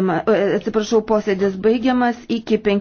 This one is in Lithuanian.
Balsavimą, atsiprašau, posėdis baigiamas iki 5.